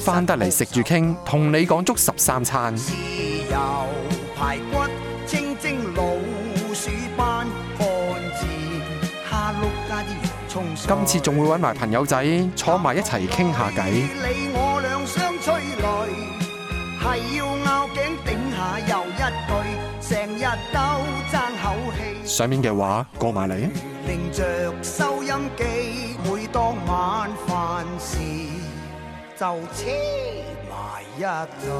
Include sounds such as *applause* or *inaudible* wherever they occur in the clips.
翻得嚟食住傾，同你講足十三餐。豉油排骨，清蒸老鼠斑。今次仲會搵埋朋友仔坐埋一齊傾下偈。上面嘅話過埋嚟。另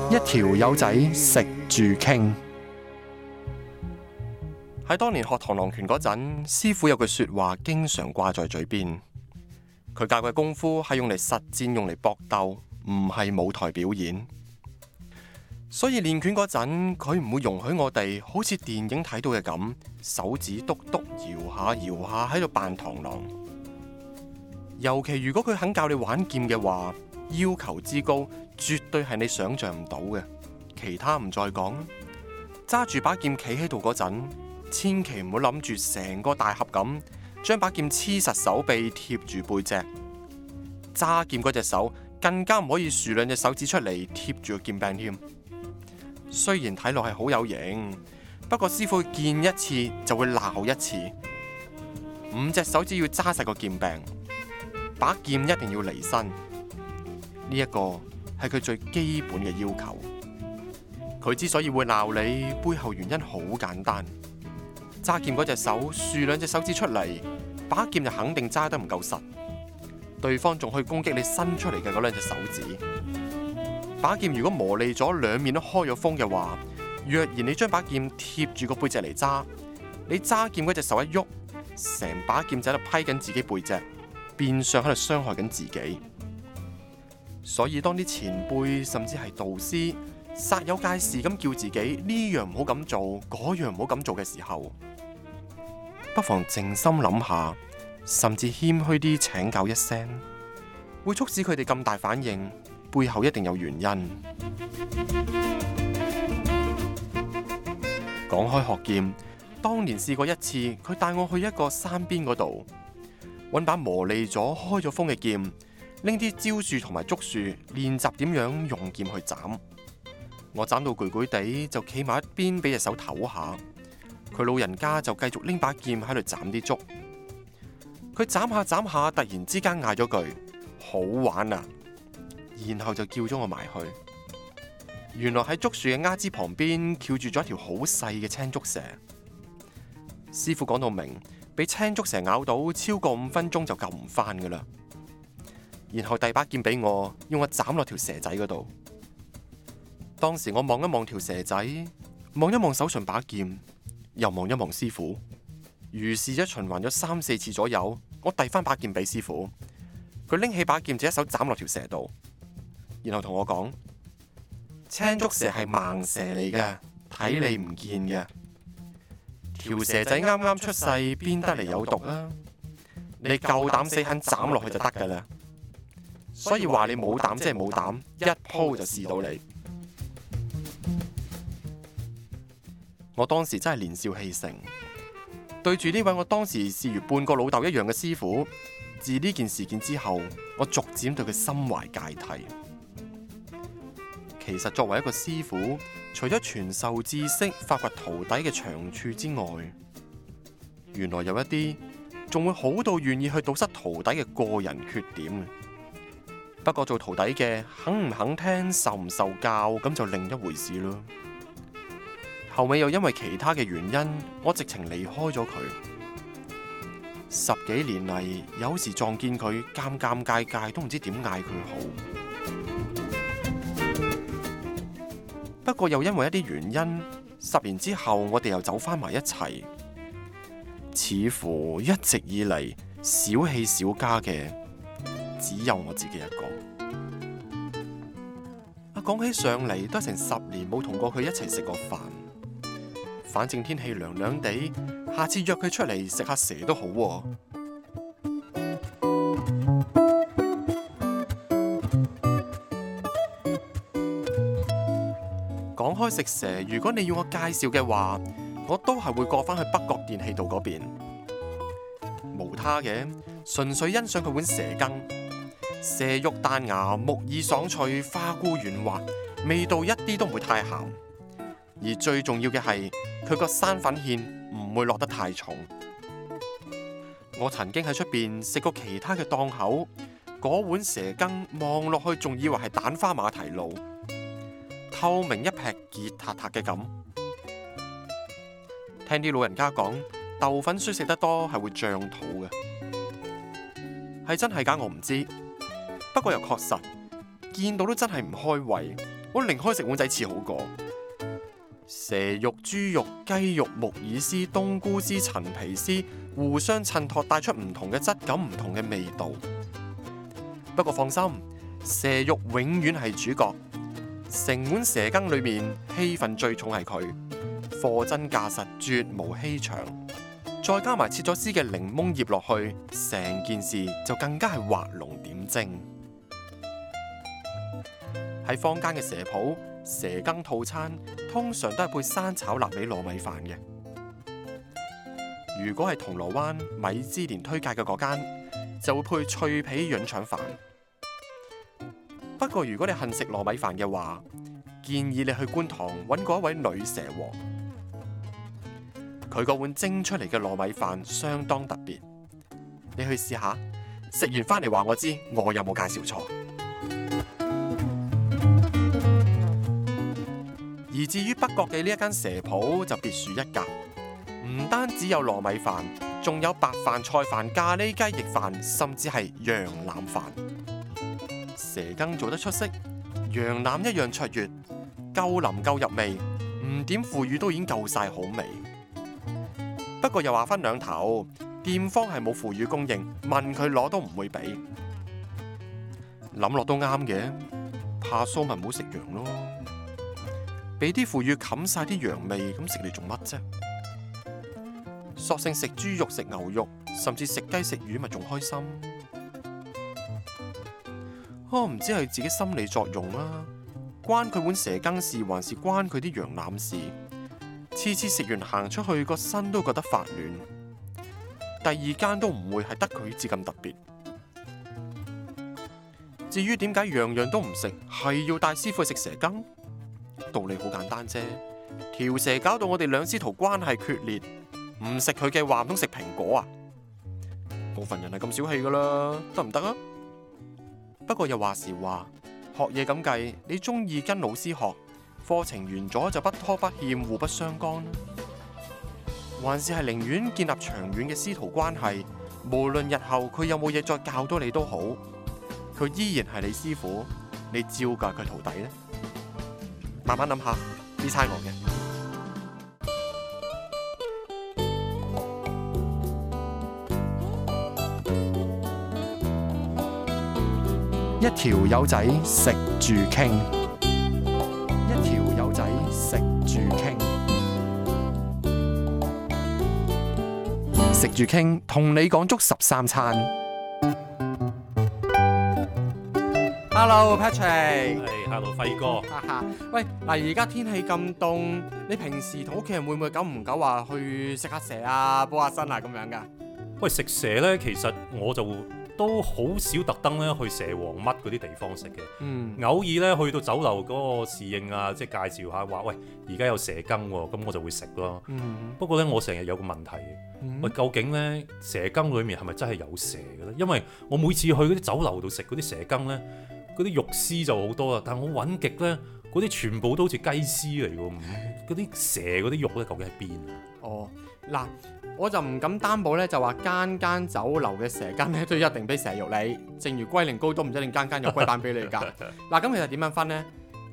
一條友仔食住傾，喺當年學螳螂拳嗰陣，師傅有句說話，經常掛在嘴邊。佢教嘅功夫係用嚟實戰，用嚟搏鬥，唔係舞台表演。所以練拳嗰陣，佢唔會容許我哋好似電影睇到嘅咁，手指篤篤搖下搖下喺度扮螳螂。尤其如果佢肯教你玩劍嘅話，要求之高，絕對係你想象唔到嘅。其他唔再講，揸住把劍企喺度嗰陣，千祈唔好諗住成個大俠咁，將把劍黐實手臂貼住背脊，揸劍嗰隻手更加唔可以豎兩隻手指出嚟貼住個劍柄添。雖然睇落係好有型，不過師傅見一次就會鬧一次。五隻手指要揸實個劍柄，把劍一定要離身。呢一個係佢最基本嘅要求。佢之所以會鬧你，背後原因好簡單：揸劍嗰隻手豎兩隻手指出嚟，把劍就肯定揸得唔夠實。對方仲可以攻擊你伸出嚟嘅嗰兩隻手指。把劍如果磨利咗，兩面都開咗鋒嘅話，若然你將把劍貼住個背脊嚟揸，你揸劍嗰隻手一喐，成把劍就喺度批緊自己背脊，變相喺度傷害緊自己。所以當啲前輩甚至係導師煞有介事咁叫自己呢樣唔好咁做，嗰樣唔好咁做嘅時候，不妨靜心諗下，甚至謙虛啲請教一聲，會促使佢哋咁大反應。背後一定有原因。講開學劍，當年試過一次，佢帶我去一個山邊嗰度，搵把磨利咗、開咗鋒嘅劍，拎啲蕉樹同埋竹樹練習點樣用劍去斬。我斬到攰攰地，就企埋一邊俾隻手唞下。佢老人家就繼續拎把劍喺度斬啲竹。佢斬下斬下，突然之間嗌咗句：好玩啊！然後就叫咗我埋去。原來喺竹樹嘅丫枝旁邊翹住咗一條好細嘅青竹蛇。師傅講到明，俾青竹蛇咬到超過五分鐘就救唔翻噶啦。然後遞把劍俾我，要我斬落條蛇仔嗰度。當時我望一望條蛇仔，望一望手上把劍，又望一望師傅，如是一循環咗三四次左右，我遞翻把劍俾師傅，佢拎起把劍就一手斬落條蛇度。然後同我講，青竹蛇係盲蛇嚟嘅，睇你唔見嘅，條蛇仔啱啱出世，邊得嚟有毒啊？你夠膽死肯斬落去就得噶啦。所以話你冇膽，即係冇膽，一鋪就試到你。 *noise* 我當時真係年少氣盛，對住呢位我當時視如半個老豆一樣嘅師傅。自呢件事件之後，我逐漸對佢心懷芥蒂。其實作為一個師傅，除咗傳授知識、發掘徒弟嘅長處之外，原來有一啲仲會好到願意去堵塞徒弟嘅個人缺點。不過做徒弟嘅肯唔肯聽、受唔受教咁就另一回事咯。後尾又因為其他嘅原因，我直情離開咗佢十幾年嚟，有時撞見佢尷尷尬尬，都唔知點嗌佢好。不過又因為一啲原因，十年之後我哋又走返埋一齊，似乎一直以嚟小氣小家嘅只有我自己一個。啊，講起上嚟都成十年冇同過佢一齊食過飯，反正天氣涼涼地，下次約佢出嚟食下蛇都好喎，啊。開食蛇，如果你要我介紹嘅話，我都係會過返去北角電氣道嗰邊，無他嘅，純粹欣賞佢碗蛇羹，蛇肉彈牙，木耳爽脆，花菇軟滑，味道一啲都唔會太鹹，而最重要嘅係佢個生粉芡唔會落得太重。我曾經喺出邊食過其他嘅檔口，嗰碗蛇羹望落去仲以為係蛋花馬蹄露。透明一劈，熱塌塌嘅感，聽啲老人家講，豆粉雖食得多係會脹肚嘅，係真係假我唔知，不過又確實見到都真係唔開胃，我寧開食碗仔翅好過。蛇肉、豬肉、雞肉、木耳絲、冬菇絲、陳皮絲互相襯托，帶出唔同嘅質感、唔同嘅味道。不過放心，蛇肉永遠係主角。成碗蛇羹裏面戲份最重係佢，貨真價實，絕無欺場。再加埋切咗絲嘅檸檬葉落去，成件事就更加係畫龍點睛。喺坊間嘅蛇鋪，蛇羹套餐通常都係配生炒臘味糯米飯嘅。如果係銅鑼灣米芝蓮推介嘅嗰間，就會配脆皮潤腸飯。不過如果你恨食糯米飯嘅話，建議你去觀塘揾嗰一位女蛇王，佢個碗蒸出嚟嘅糯米飯相當特別，你去試下，食完返嚟話我知，我有冇介紹錯？而至於北角嘅呢一間蛇鋪就別樹一格，唔單止有糯米飯，仲有白飯、菜飯、咖喱雞、雞翼飯，甚至係羊腩飯。蛇羹做得出色，羊腩一樣卓越，夠腍夠入味，唔點腐乳都已經夠晒好味。不過又話分兩頭，店方係冇腐乳供應，問佢攞都唔會俾。諗落都啱嘅，怕臊咪唔好食羊咯，俾啲腐乳冚晒啲羊味，咁食嚟做乜啫？索性食豬肉、食牛肉，甚至食雞食魚，咪仲開心。都唔知係自己心理作用啦、啊，關佢碗蛇羹事，還是關佢啲羊腩事。次次食完行出去，個身都覺得發暖。第二間都唔會係得佢至咁特別。至於點解樣樣都唔食，係要帶師傅去食蛇羹？道理好簡單啫，條蛇搞到我哋兩師徒關係決裂，唔食佢嘅話唔通食蘋果啊？部分人係咁小氣噶啦，得唔得啊？不過又話時話，學嘢咁計，你中意跟老師學，課程完咗就不拖不欠，互不相干啦。還是係寧願建立長遠嘅師徒關係，無論日後佢有冇嘢再教到你都好，佢依然係你師傅，你照顧佢徒弟呢。慢慢諗下，呢餐我嘅。條友仔食住傾，一條友仔食住傾，食住傾同你講足十三餐。Hello Patrick，係、hey, hey, Hello 輝哥。 *laughs* 喂，嗱，而家天氣咁凍，你平時同屋企人會唔會久唔久話去食下蛇啊、煲下身啊咁樣噶？喂，食蛇咧，其實我就。都好少特登咧去蛇王乜嗰啲地方食嘅，嗯，偶爾咧去到酒樓嗰個侍應啊，即係介紹下話，喂，而家有蛇羹喎，咁我就會食咯。不過咧，我成日有個問題，喂，究竟咧蛇羹裏面係咪真係有蛇嘅咧？因為我每次去嗰啲酒樓度食嗰啲蛇羹咧，嗰啲肉絲就好多啦，但係我搵極咧，嗰啲全部都好似雞絲嚟喎，嗰啲蛇嗰啲肉咧究竟喺邊啊？哦，嗱。我就唔敢擔保咧，就話間間酒樓嘅蛇羹咧都一定俾蛇肉你。正如龜苓膏都唔一定間間有龜板俾你㗎。嗱、 *laughs* 啊，咁其實點樣分呢？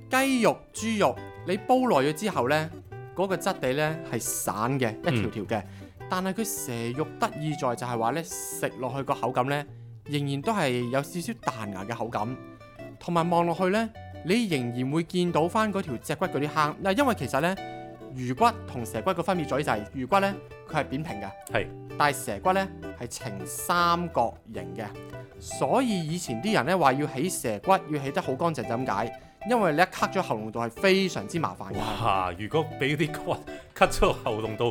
雞肉、豬肉你煲耐咗之後呢，嗰、那個質地呢，係散嘅，一條條嘅。嗯、但係佢蛇肉得意在就係話呢，食落去個口感呢，仍然都係有少少彈牙嘅口感，同埋望落去呢，你仍然會見到翻嗰條脊骨嗰啲坑。嗱，因為其實呢。魚骨同蛇骨嘅分別嘴於係，魚骨呢，佢係扁平嘅，係是，但係蛇骨呢，係呈三角形嘅，所以以前啲人呢，話要起蛇骨要起得好乾淨，就噉解。因為你一咳咗喉嚨度係非常之麻煩嘅。哇！如果俾啲骨咳咗喉嚨度，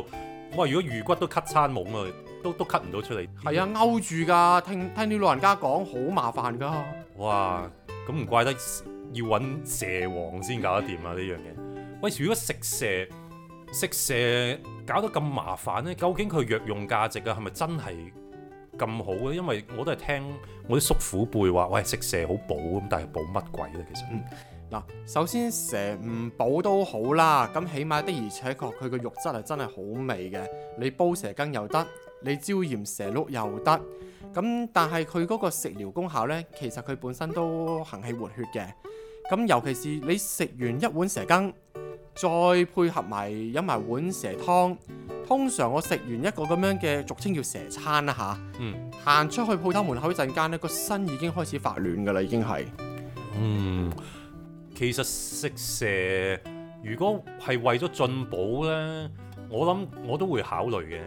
哇！如果魚骨都咳餐懵差啊，都都咳唔到出嚟。係啊，勾住㗎，聽聽啲老人家講好麻煩㗎。哇！咁唔怪得要揾蛇王先搞得掂啊呢樣嘢。 *laughs* 喂，如果食蛇？食蛇搞得咁麻煩咧，究竟佢藥用價值啊，係咪真係咁好咧？因為我都係聽我啲叔父輩話，喂，食蛇好補咁，但係補乜鬼咧？其實，嗱，嗯，首先蛇唔補都好啦，咁起碼的而且確佢個肉質係真係好味嘅，你煲蛇羹又得，你椒鹽蛇碌又得，咁但係佢嗰個食療功效呢，其實佢本身都行氣活血嘅，咁尤其是你食完一碗蛇羹。再配合埋飲埋碗蛇湯，通常我食完一個咁樣嘅俗稱叫蛇餐啦嚇，行、嗯、出去鋪頭門口一陣間呢，個身已經開始發暖噶啦，已經係。嗯，其實食蛇如果係為咗進補呢，我諗我都會考慮嘅。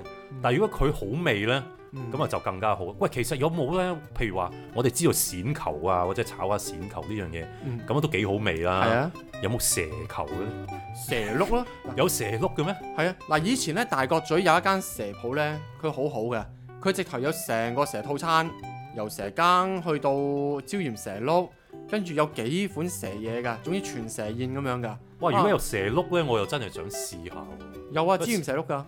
但如果佢好味呢？咁啊、嗯、就更加好。喂，其實有冇咧？譬如話，我哋知道鱔球啊，或者炒下鱔球呢、嗯、樣嘢，咁都幾好味啦。係啊，有冇蛇球嘅咧？蛇碌啦、啊， *laughs* 有蛇碌嘅咩？係啊，嗱，以前咧大角咀有一間蛇鋪咧，佢好好嘅，佢直頭有成個蛇套餐，由蛇羹去到椒鹽蛇碌，跟住有幾款蛇嘢㗎，總之全蛇宴咁樣㗎。哇！如果有蛇碌咧，啊、我又真係想試下。有啊，椒鹽蛇碌㗎。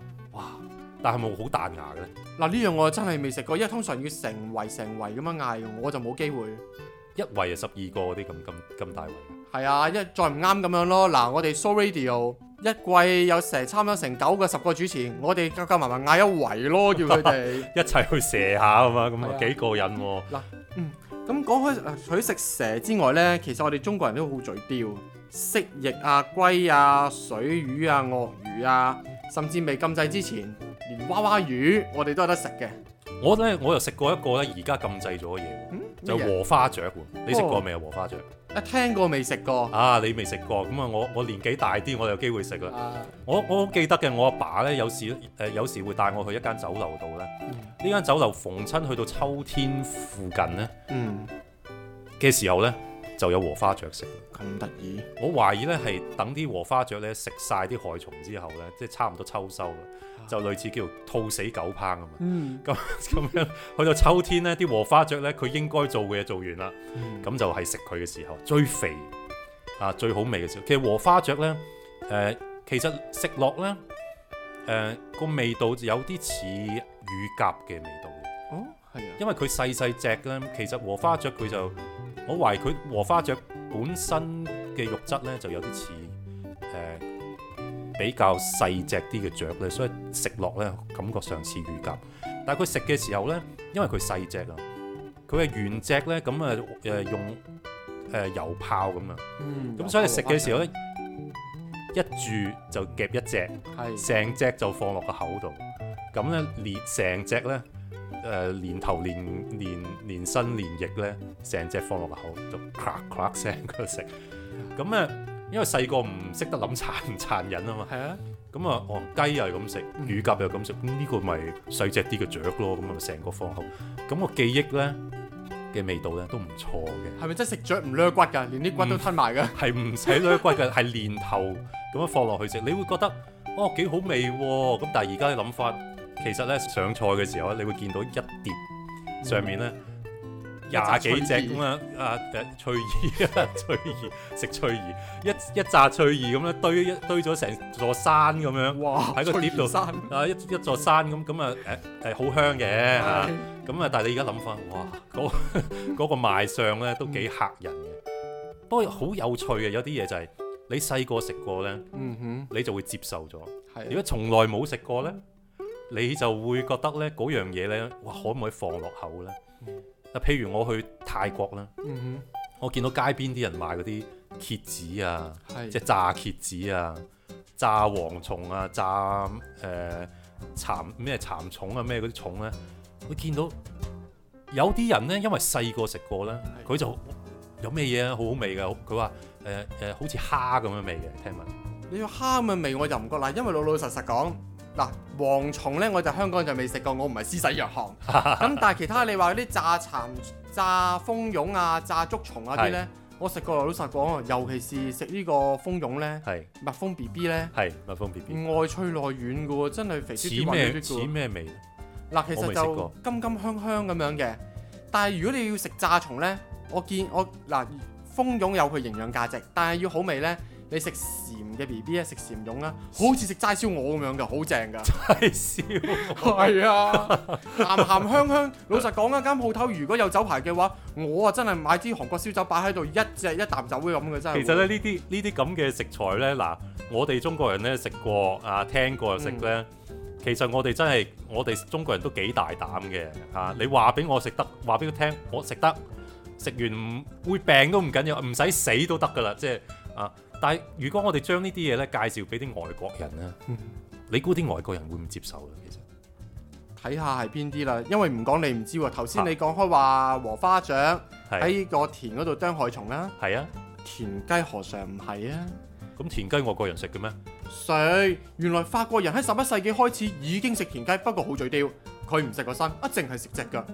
但係冇好彈牙嘅咧。嗱，呢樣我真係未食過，因為通常要成圍成圍咁樣嗌，我就冇機會一圍啊，十二個嗰啲咁咁咁大圍。係啊，一再唔啱咁樣咯。嗱，我哋 so radio 一季有蛇參咗成九個十個主持，我哋夾夾埋埋嗌一圍咯，叫佢哋 *laughs* 一齊去蛇下啊嘛，咁啊幾過癮嗱。嗯，咁講開除咗食蛇之外咧，其實我哋中國人都好嘴刁，蜥蜴啊、龜啊、水魚啊、鱷魚啊，甚至未禁制之前。嗯連娃娃魚，我哋都有得食嘅。我呢，我又食過一個呢。而家禁制咗嘅嘢，嗯、就禾花雀喎。你食過未啊？禾花雀？啊，聽過未食過？啊，你未食過？咁啊，我我年紀大啲，我就有機會食嘞。啊、我我記得嘅，我阿爸，爸呢，有時誒有時會帶我去一間酒樓度呢。呢、嗯、間酒樓逢親去到秋天附近呢嘅、嗯、時候呢。就有禾花雀食，咁得意？我懷疑呢係等啲禾花雀呢食晒啲害蟲之後呢，即係差唔多秋收啦，啊、就類似叫兔死狗烹咁嘛。咁咁、嗯、樣去到秋天呢，啲禾花雀呢，佢應該做嘅嘢做完啦，咁、嗯、就係食佢嘅時候最肥啊，最好味嘅時候。其實禾花雀呢，誒、呃，其實食落呢誒個、呃、味道有啲似乳鴿嘅味道。因為佢細細隻咧，其實禾花雀佢就我懷疑佢禾花雀本身嘅肉質咧就有啲似誒比較細隻啲嘅雀咧，所以食落咧感覺上似乳鴿。但係佢食嘅時候咧，因為佢細隻啊，佢係原隻咧咁啊誒用誒、呃、油泡咁啊，咁所以食嘅時候咧一住就夾一隻，成隻的就放落個口度，咁咧連成隻咧。誒，連頭連連連身連翼咧，成隻放落口就咔咔聲度食。咁啊，因為細個唔識得諗殘唔殘忍啊嘛，係啊。咁啊，哦雞又係咁食，乳鴿又咁食，呢個咪細隻啲嘅雀咯，咁啊成個放口。咁我記憶咧嘅味道咧都唔錯嘅。係咪真係食雀唔掠骨噶？連啲骨都吞埋噶？係唔使掠骨嘅，係年頭咁樣放落去食，你會覺得哦幾好味。咁但係而家嘅諗法。其實咧，上菜嘅時候，你會見到一碟上面咧廿 resid anak, 幾隻咁樣啊！翠兒翠兒食翠兒，一一扎翠兒咁樣堆一堆咗成座山咁樣，喺個碟度啊一一座山咁咁啊誒誒，好香嘅咁啊！但係你而家諗翻，哇嗰嗰個賣相咧都幾嚇人嘅，不過好有趣嘅。有啲嘢就係你細個食過咧，嗯哼，你就會接受咗；如果從來冇食過咧，你就會覺得咧嗰樣嘢咧，哇可唔可以放落口咧？嗱、mm，譬、hmm. 如我去泰國啦，mm hmm. 我見到街邊啲人賣嗰啲蠍子啊，mm hmm. 即係炸蠍子啊、mm hmm.、炸蝗、呃、蟲啊、炸誒蠶咩蠶蟲啊咩嗰啲蟲咧，我見到有啲人咧，因為細個食過啦，佢、mm hmm. 就有咩嘢啊好好、呃呃呃呃、味嘅，佢話誒誒好似蝦咁樣味嘅，聽聞。 *music* 你要蝦嘅味我就唔覺啦，因為老老，老實老實講。嗱，蝗蟲咧，我就香港就未食過，我唔係私洗藥行。咁 *laughs* 但係其他你話嗰啲炸蠶、炸蜂蛹啊、炸竹蟲啊啲咧，是我食過，老實講，尤其是食呢個蜂蛹咧是，蜜蜂 B B 咧，蜜蜂 B B，外脆內軟嘅喎，真係肥嘟嘟滑嘟嘟嘅。似咩？似咩味？嗱，其實就甘甘香香咁樣嘅。但係如果你要食炸蟲咧，我見我嗱蜂蛹有佢營養價值，但係要好味咧。你食蟻嘅 B B 啊，食蟻蛹啊，好似食齋燒鵝咁樣噶，好正噶！齋燒係 *laughs* *laughs* 啊，鹹鹹香香。 *laughs* 老實講啊，間鋪頭如果有酒牌嘅話，我啊真係買支韓國燒酒擺喺度，一隻一啖酒咁嘅真係。其實咧，呢啲呢啲咁嘅食材咧，嗱，我哋中國人咧食過啊，聽過又食咧。嗯、其實我哋真係我哋中國人都幾大膽嘅嚇、啊。你話俾我食得，話俾佢聽，我食得食完會病都唔緊要，唔使死都得噶啦，即係啊。啊。但係，如果我哋將呢啲嘢咧介紹俾啲外國人咧，嗯、你估啲外國人會唔接受咧？其實睇下係邊啲啦，因為唔講你唔知喎、啊。頭先你講開話禾花雀喺、啊、個田嗰度釘害蟲啦，係啊，啊田雞何嘗唔係啊？咁田雞外國人食嘅咩？水？原來法國人喺十一世紀開始已經食田雞，不過好嘴刁，佢唔食個身，一淨係食隻腳。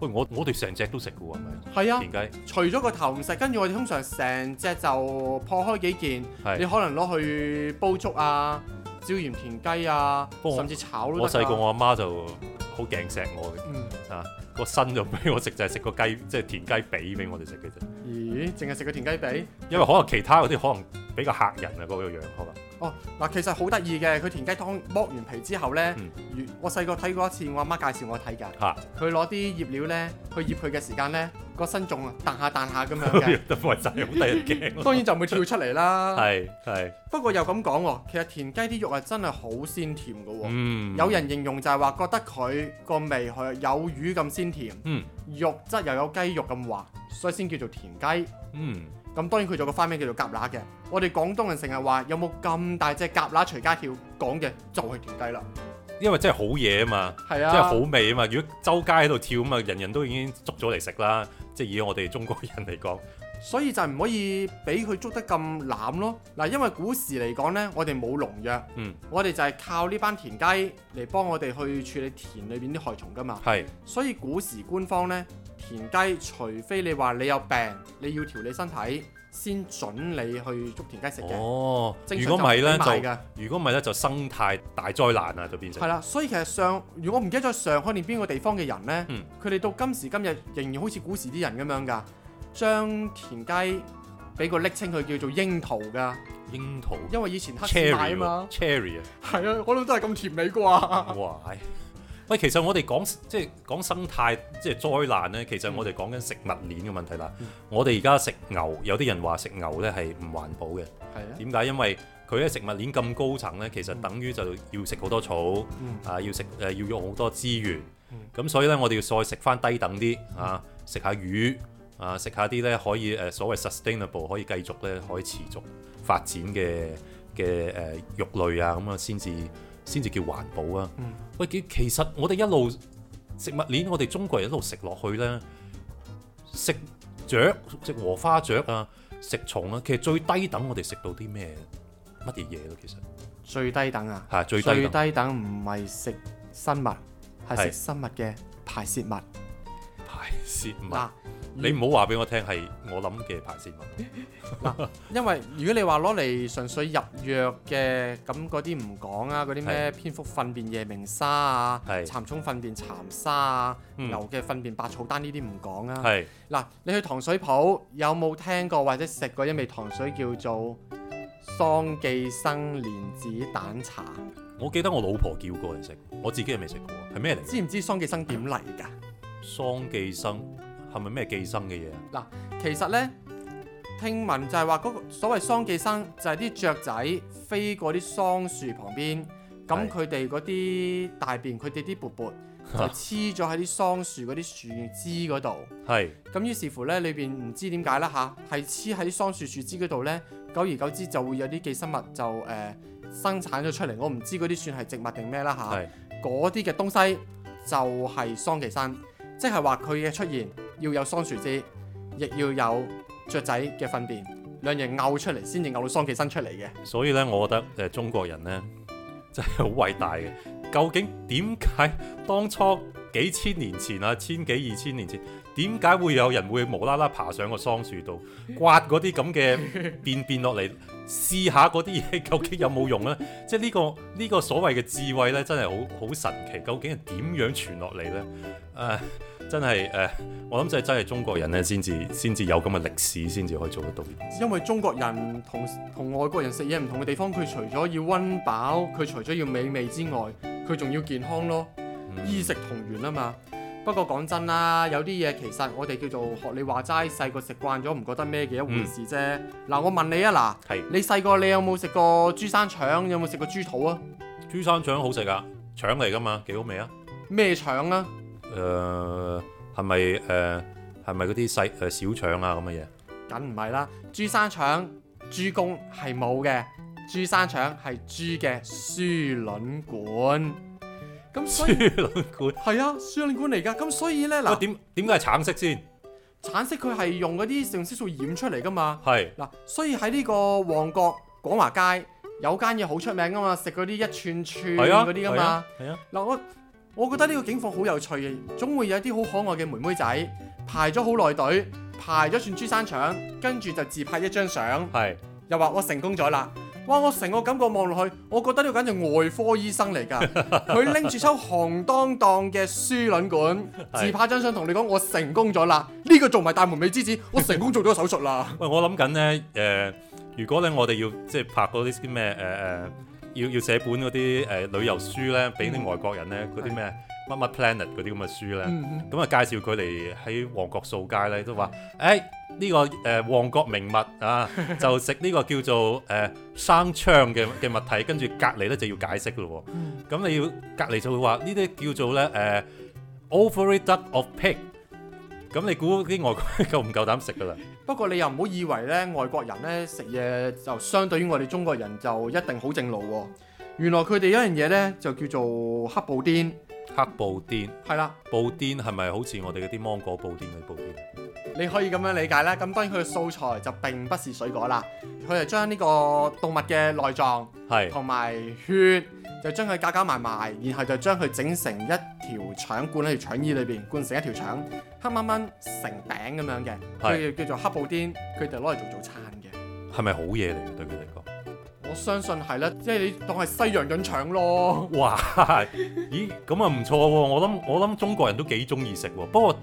喂，我我哋成隻都食嘅喎，係咪？係啊，田雞除咗個頭唔食，跟住我哋通常成隻就破開幾件，是你可能攞去煲粥啊、椒鹽田雞啊，我甚至炒都得。我細個我阿媽就好頸錫我嘅，嗯、啊、那個身就俾我食，就係、是、食個雞，即、就、係、是、田雞髀俾我哋食嘅啫。咦？淨係食個田雞髀？因為可能其他嗰啲可能比較嚇人啊，嗰個樣可哦，嗱，其實好得意嘅，佢田雞湯剝完皮之後咧，嗯、我細個睇過一次，我阿媽介紹我睇㗎。佢攞啲醃料呢，醃去醃佢嘅時間呢，個身仲彈下彈下咁樣嘅。都 *laughs* *laughs* 當然就唔會跳出嚟啦。係係。不過又咁講喎，其實田雞啲肉係真係好鮮甜嘅喎、哦。嗯、有人形容就係話覺得佢個味係有魚咁鮮甜。嗯、肉質又有雞肉咁滑，所以先叫做田雞。嗯。咁當然佢仲有個花名叫做蛤乸嘅，我哋廣東人成日話有冇咁大隻蛤乸隨街跳，講嘅就係田雞啦。因為真係好嘢啊嘛，係啊真係好味啊嘛。如果周街喺度跳啊嘛，人人都已經捉咗嚟食啦。即係以我哋中國人嚟講，所以就唔可以俾佢捉得咁濫咯。嗱，因為古時嚟講呢，我哋冇農藥，嗯、我哋就係靠呢班田雞嚟幫我哋去處理田裏邊啲害蟲噶嘛。係，是 所以古時官方呢。田雞，除非你話你有病，你要調理身體，先準你去捉田雞食嘅。哦，如果唔係咧就，如果唔係咧就生態大災難啊，就變成。係啦，所以其實上，如果唔記得咗上海定邊個地方嘅人咧，佢哋、嗯、到今時今日仍然好似古時啲人咁樣㗎，將田雞俾個暱稱佢叫做櫻桃㗎。櫻桃。因為以前黑市賣啊嘛。Cherry 啊 Ch。係啊，我諗真係咁甜美啩。哇！ *laughs* *laughs* 喂，其實我哋講即係講生態，即係災難呢。其實我哋講緊食物鏈嘅問題啦。嗯、我哋而家食牛，有啲人話食牛呢係唔環保嘅。係啊。點解？因為佢喺食物鏈咁高層呢，其實等於就要食好多草，嗯、啊要食誒、呃、要用好多資源。咁、嗯、所以呢，我哋要再食翻低等啲啊，食下魚啊，食下啲呢可以誒、呃、所謂 sustainable 可以繼續呢，可以持續發展嘅嘅誒肉類啊，咁啊先至。先至叫環保啊！喂，其其實我哋一路食物鏈，我哋中國人一路食落去咧，食雀、食禾花雀啊，食蟲啊，其實最低等我哋食到啲咩？乜嘢嘢咯？其實最低等啊，啊，係最低等，最低等唔、啊、係、啊、食生物，係食生物嘅排泄物，是啊、排泄物。你唔好話俾我聽係我諗嘅排泄物。 *laughs* 因為如果你話攞嚟純粹入藥嘅，咁嗰啲唔講啊，嗰啲咩蝙蝠糞便夜明砂啊，蠶蟲是糞便蠶砂啊，嗯、牛嘅糞便百草丹呢啲唔講啊。係嗱是，你去糖水鋪有冇聽過或者食過一味糖水叫做桑寄生蓮子蛋茶？我記得我老婆叫過嚟食，我自己又未食過，係咩嚟？知唔知桑寄生點嚟㗎？桑寄生。係咪咩寄生嘅嘢？嗱，其實呢，聽聞就係話嗰個所謂桑寄生就係啲雀仔飛過啲桑樹旁邊，咁佢哋嗰啲大便，佢哋啲缽缽就黐咗喺啲桑樹嗰啲樹枝嗰度。係咁，於是乎呢，裏邊唔知點解啦吓，係黐喺桑樹樹枝嗰度呢，久而久之就會有啲寄生物就誒、呃、生產咗出嚟。我唔知嗰啲算係植物定咩啦吓，嗰啲嘅東西就係桑寄生，即係話佢嘅出現。要有桑樹枝，亦要有雀仔嘅糞便，兩樣拗出嚟先至拗到桑寄生出嚟嘅。所以咧，我覺得誒中國人咧真係好偉大嘅。究竟點解當初幾千年前啊，千幾二千年前？點解會有人會無啦啦爬上個桑樹度刮嗰啲咁嘅便便落嚟試下嗰啲嘢究竟有冇用呢？即係、呢個、呢個呢、呢個所謂嘅智慧呢，真係好好神奇。究竟係點樣傳落嚟呢？誒、呃，真係誒、呃，我諗就係真係中國人咧先至先至有咁嘅歷史，先至可以做得到。因為中國人同同外國人食嘢唔同嘅地方，佢除咗要溫飽，佢除咗要美味之外，佢仲要健康咯。嗯、衣食同源啊嘛。不過講真啦，有啲嘢其實我哋叫做學你話齋，細個食慣咗唔覺得咩嘅一回事啫。嗱、嗯，我問你啊，嗱是，你細個你有冇食過豬生腸？有冇食過豬肚啊？豬生腸好食啊，腸嚟㗎嘛，幾好味啊！咩腸啊？誒、呃，係咪誒係咪嗰啲細誒小腸啊咁嘅嘢？梗唔係啦，豬生腸、豬公係冇嘅，豬生腸係豬嘅輸卵管。咁，輸卵管係啊，輸卵管嚟噶。咁所以咧，嗱，點點解係橙色先？橙色佢係用嗰啲色素染出嚟噶嘛？係嗱是，所以喺呢個旺角廣華街有間嘢好出名噶嘛，食嗰啲一串串嗰啲噶嘛。係啊，嗱、啊，啊、我我覺得呢個景況好有趣嘅，總會有啲好可愛嘅妹妹仔排咗好耐隊，排咗串豬生腸，跟住就自拍一張相，是又話我成功咗啦。哇！我成個感覺望落去，我覺得呢個簡直外科醫生嚟㗎。佢拎住抽紅當當嘅輸卵管，自拍張相同你講，我成功咗啦！呢是的 個做埋大門未知子，我成功做咗手術啦。 *laughs* 喂，我諗緊呢，誒、呃，如果咧我哋要即係拍嗰啲啲咩誒誒，要要寫本嗰啲誒旅遊書呢，俾啲外國人呢，嗰啲咩乜乜 Planet 嗰啲咁嘅書呢。咁啊、嗯嗯、介紹佢嚟喺旺角掃街呢，都話誒。欸呢個誒旺角名物啊，就食呢個叫做誒生腸嘅嘅物體，跟住隔籬咧就要解釋咯喎。咁你要隔籬就會話呢啲叫做咧誒 oviduct of pig。咁你估啲外國人夠唔夠膽食㗎啦？不過你又唔好以為咧，外國人咧食嘢就相對於我哋中國人就一定好正路喎。原來佢哋有一樣嘢咧就叫做黑布甸。黑布甸係啦，的布甸係咪好似我哋嗰啲芒果布甸嘅布甸？你可以咁樣理解咧。咁當然佢嘅素材就並不是水果啦，佢係將呢個動物嘅內臟係同埋血，就將佢加加埋埋，然後就將佢整成一條腸，灌喺條腸衣裏邊，灌成一條腸，黑掹掹成餅咁樣嘅，佢是叫做黑布甸，佢就攞嚟做早餐嘅。係咪好嘢嚟嘅對佢嚟講？我相信係啦，即係你當係西洋人腸咯。哇！咦，咁啊唔錯喎，我諗我諗中國人都幾中意食喎。不過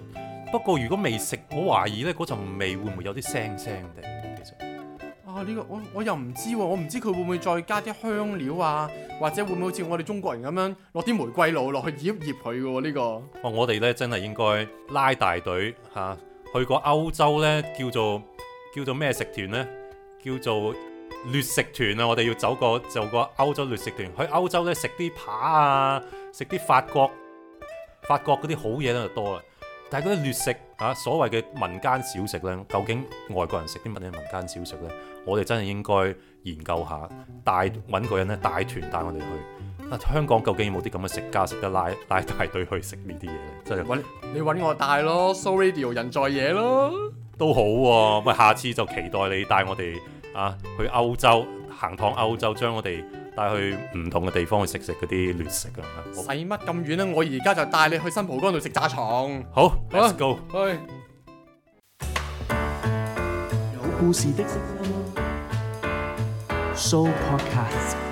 不過，如果未食，我懷疑呢嗰陣味會唔會有啲腥腥地。其實啊，呢、呢個我我又唔知喎，我唔知佢會唔會再加啲香料啊，或者會唔會好似我哋中國人咁樣落啲玫瑰露落去醃醃佢嘅喎呢個。哇、啊！我哋呢真係應該拉大隊嚇、啊、去過歐洲呢，叫做叫做咩食團呢？叫做。劣食團啊！我哋要走個做個歐洲劣食團，去歐洲咧食啲扒啊，食啲法國法國嗰啲好嘢咧就多啦。但係嗰啲劣食啊，所謂嘅民間小食咧，究竟外國人食啲乜嘢民間小食咧？我哋真係應該研究下，帶揾個人咧，帶團帶我哋去啊！香港究竟有冇啲咁嘅食家食得拉拉大隊去食呢啲嘢咧？真係你揾我帶咯，so radio 人在嘢咯，都好喎、啊。咪下次就期待你帶我哋。啊！去歐洲行趟歐洲，將我哋帶去唔同嘅地方去吃吃食食嗰啲亂食啊！使乜咁遠呢，啊？我而家就帶你去新蒲崗度食炸蟲。好，好，Let's go S、哎、有故事的食。